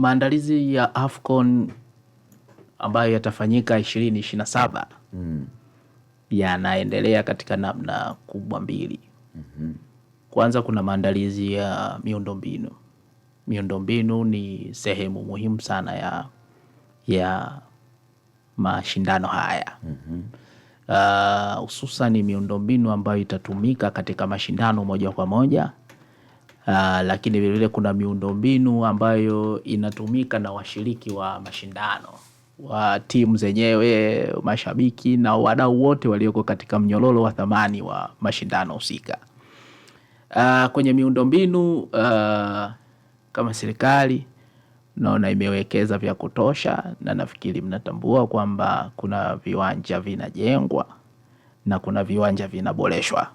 maandalizi ya AFCON ambayo yatafanyika ishirini ishirini na saba mm. yanaendelea katika namna kubwa mbili mm -hmm. Kwanza kuna maandalizi ya miundombinu. Miundombinu ni sehemu muhimu sana ya, ya mashindano haya mm-hmm. uh, hususan mm -hmm. uh, miundombinu ambayo itatumika katika mashindano moja kwa moja Ah, lakini vile vile kuna miundombinu ambayo inatumika na washiriki wa mashindano wa timu zenyewe, mashabiki na wadau wote walioko katika mnyororo wa thamani wa mashindano husika. Ah, kwenye miundombinu ah, kama serikali naona imewekeza vya kutosha, na nafikiri mnatambua kwamba kuna viwanja vinajengwa na kuna viwanja vinaboreshwa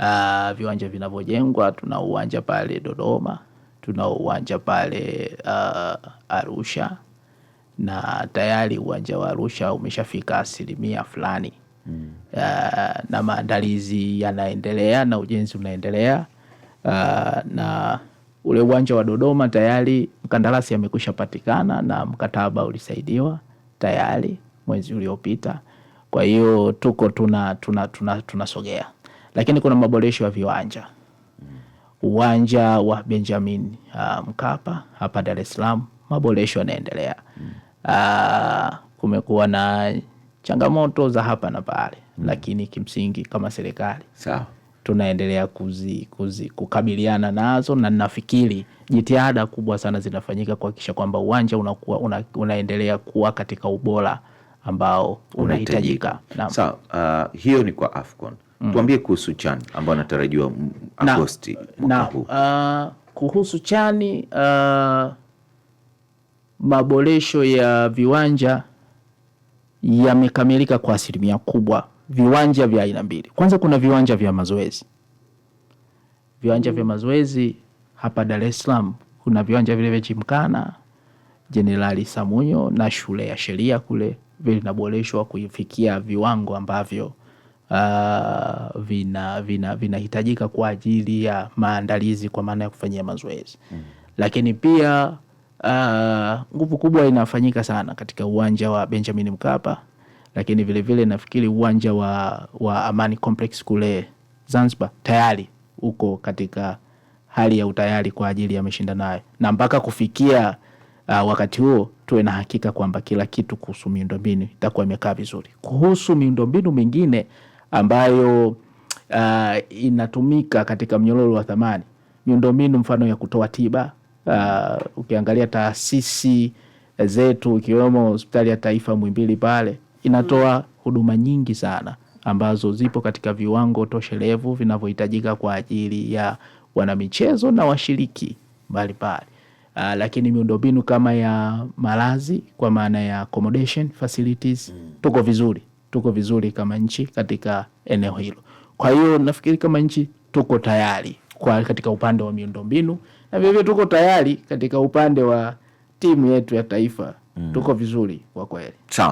uh, viwanja vinavyojengwa. Tuna uwanja pale Dodoma, tuna uwanja pale uh, Arusha na tayari uwanja wa Arusha umeshafika asilimia fulani mm. Uh, na maandalizi yanaendelea na ujenzi unaendelea uh, na ule uwanja wa Dodoma tayari mkandarasi amekusha patikana na mkataba ulisaidiwa tayari mwezi uliopita. Kwa hiyo tuko tuna tunasogea tuna, tuna lakini kuna maboresho ya viwanja uwanja wa Benjamin uh, Mkapa hapa Dar es Salaam, maboresho yanaendelea. Uh, kumekuwa na changamoto za hapa na pale, mm. lakini kimsingi kama serikali sawa, tunaendelea kuzi, kuzi, kukabiliana nazo na nafikiri jitihada kubwa sana zinafanyika kuhakikisha kwamba uwanja unakuwa, una, unaendelea kuwa katika ubora ambao unahitajika. Sa, uh, hiyo ni kwa AFCON. Mm. Tuambie kuhusu CHAN ambao anatarajiwa Agosti na, na, Uh, kuhusu chani uh, ah, maboresho ya viwanja yamekamilika kwa asilimia kubwa. Viwanja vya aina mbili, kwanza kuna viwanja vya mazoezi. Viwanja vya mazoezi hapa Dar es Salaam kuna viwanja vile vya Chimkana Jenerali Samunyo na shule ya sheria kule vinaboreshwa kuifikia viwango ambavyo uh, vina vinahitajika vina kwa ajili ya maandalizi kwa maana ya kufanyia mazoezi mm. Lakini pia uh, nguvu uh, kubwa inafanyika sana katika uwanja wa Benjamin Mkapa, lakini vilevile vile nafikiri uwanja wa, wa Amani Complex kule Zanzibar tayari uko katika hali ya utayari kwa ajili ya mashindano hayo na mpaka kufikia uh, wakati huo tuwe na hakika kwamba kila kitu kuhusu miundombinu itakuwa imekaa vizuri. Kuhusu miundombinu mingine ambayo uh, inatumika katika mnyororo wa thamani, miundombinu mfano ya kutoa tiba uh, ukiangalia taasisi zetu ikiwemo hospitali ya taifa Muhimbili pale inatoa mm. huduma nyingi sana ambazo zipo katika viwango toshelevu vinavyohitajika kwa ajili ya wanamichezo na washiriki mbalimbali. Uh, lakini miundombinu kama ya malazi kwa maana ya accommodation facilities mm. tuko vizuri, tuko vizuri kama nchi katika eneo hilo. Kwa hiyo nafikiri kama nchi tuko tayari kwa katika upande wa miundombinu na vilevile tuko tayari katika upande wa timu yetu ya taifa mm. tuko vizuri kwa kweli.